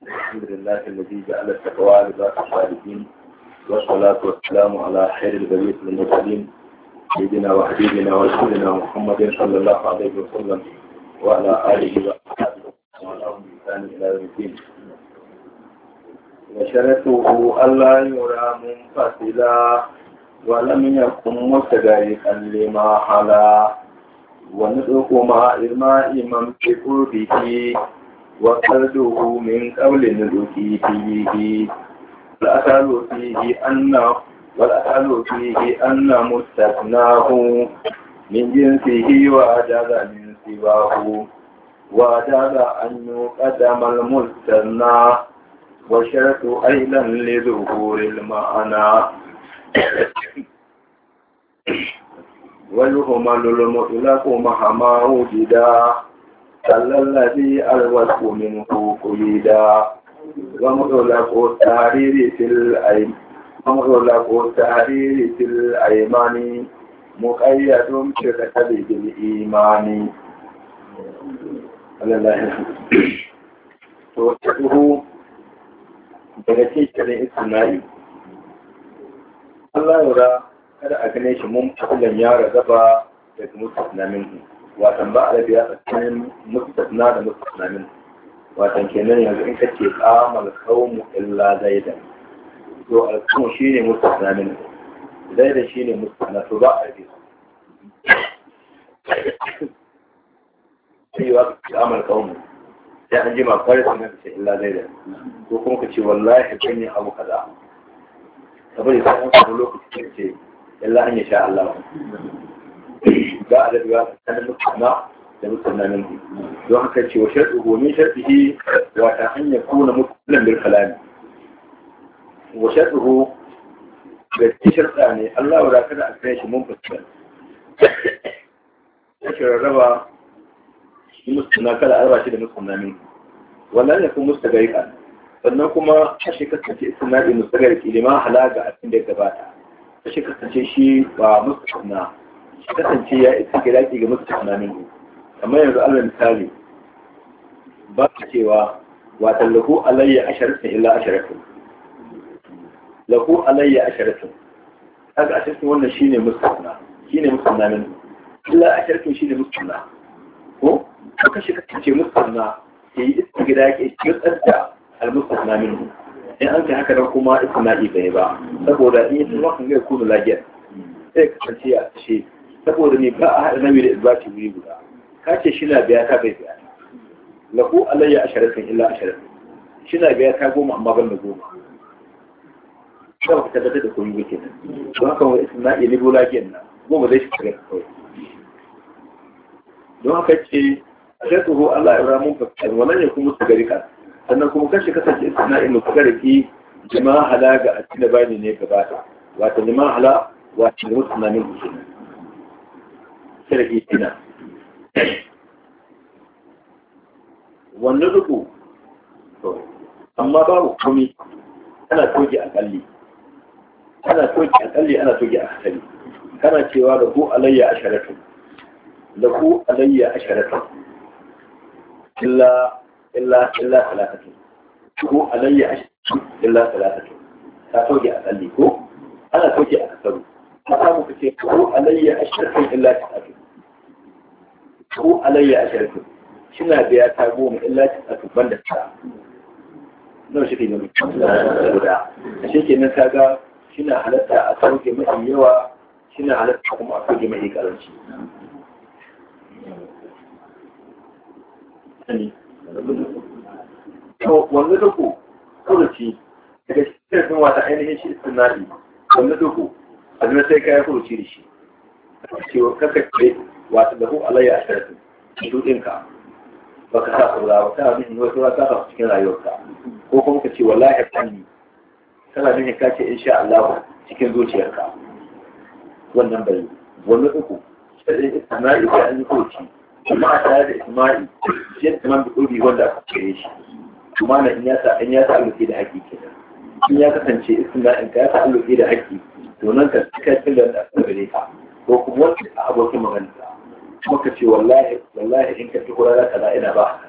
الحمد لله الذي جعل التقوى لباس الصالحين والصلاة والسلام على خير البرية المرسلين سيدنا وحبيبنا ورسولنا محمد صلى الله عليه وسلم وعلى آله وصحبه وعلى بإحسان إلى يوم الدين وشرطه ألا يرى منفصلا ولم يكن متدركا لما حلا وندعكما إلما إمام بقربه وقلده من قبل نزوكه فيه والأثال فيه أن والأثال فيه أن مستثناه من جنسه وأجاز من سواه وأجاز أن يقدم المستثنى والشرط أيضا لظهور المعنى ويهمل المطلق مهما وجدا صلى الذي الوجه منه قيدا ومغلق التحرير في الأيمان ومغلق التحرير في الأيمان مقيد شركة to ta duhu daga cikin isnai Allah ya ra kada a gane shi mun kullan ya razaba daga musulmin watan ba a rabiya tsakanin mustasna da mustasnamin watan kenan yanzu in ka ce kamar kaumu illa zaida to alkamu shi ne mustasnamin zaida shi ne mustasna to ba a rabiya sai wa kamar kaumu sai an jima kwarai sun yi ce illa zaida ko kuma ka ce wallahi kun yi abu kaza saboda sai an samu lokaci ce illa an yi sha Allah ba a rabewa tsakanin musulma da musulmanin ku don haka ce wa sharɗi gomin sharɗi wata hanyar kuna mutunan bil kalami wa sharɗi ga cikin sharɗa ne Allah wa da a kan shi mun fuskar ta rarraba shi musulma kala arba shi da musulmanin ku wannan ya kuma ka. sannan kuma kashe kasance istinadi mustagariki Ilima halaga a cikin da ya gabata kashe kasance shi ba musulma kasance ya isa ga daki ga musu tunanin ku kamar yanzu Allah misali ba ka cewa wa tallahu alayya asharatun illa asharatun lahu alayya asharatun kaga asharatun wannan shine musulma shine musulmanin illa asharatun shine musulma ko ka kashe ce musulma yi isa ga daki ya tsada al-musulma in an ka haka nan kuma isma'i bai ba saboda in yi tsawon wakan ko kuna lagiyar sai kasance a ce saboda ne ba a haɗa nabi da isbati wuri guda ka ce shi na biya ta bai biya la ko alayya asharatin illa asharatin shi na biya ta goma amma ban da goma ba ka tabbatar da komai yake nan don haka wa isna ya libo lafiyan nan goma zai shiga kawai don haka ce asharatin Allah ya ramun ka wannan ya kuma su gari ka sannan kuma kashi kasance isna in ku garki jama'a halaga a cikin bani ne gaba wato jama'a hala wato musulmanin musulmi sharhi tuna wannan rubu amma babu komi ana a akalli ana toge akalli ana toge akalli kana cewa da ku alayya asharatu da ku alayya asharatu illa illa illa salatatu ku alayya asharatu illa salatatu ta a akalli ko ana a akasaru ta samu ce, ku alayya asharatu illa salatatu ko alayya a shirkin shina biya ta goma illa ta tubban da ta nan shi ke nan guda a shi ke nan ta ga na halatta a sauke mafi yawa na halatta kuma a sauke mafi karanci wanda duku kuruci daga cikin wata ainihin shi istinadi wanda duku a sai kayan kuruci da shi cewa kakace wata da hu alayya a sharafi dudinka ba ka sa tsura ba kana nufin wasu ra ta cikin rayuwarka ko kuma ka ce wallahi fanni kana nufin ka ce insha Allah cikin zuciyarka wannan bai wani uku isma'i da an yi koci kuma a tare da isma'i shi ne kamar bukuri wanda aka kere shi kuma na in ya sa in ya sa alƙi da haƙi kenan in ya kasance in ka ya sa alƙi da haƙi to nan ka cika cikin da aka gare ka ko kuma a abokin magana kuma ka ce wallahi wallahi in ka tukura za ka ina ba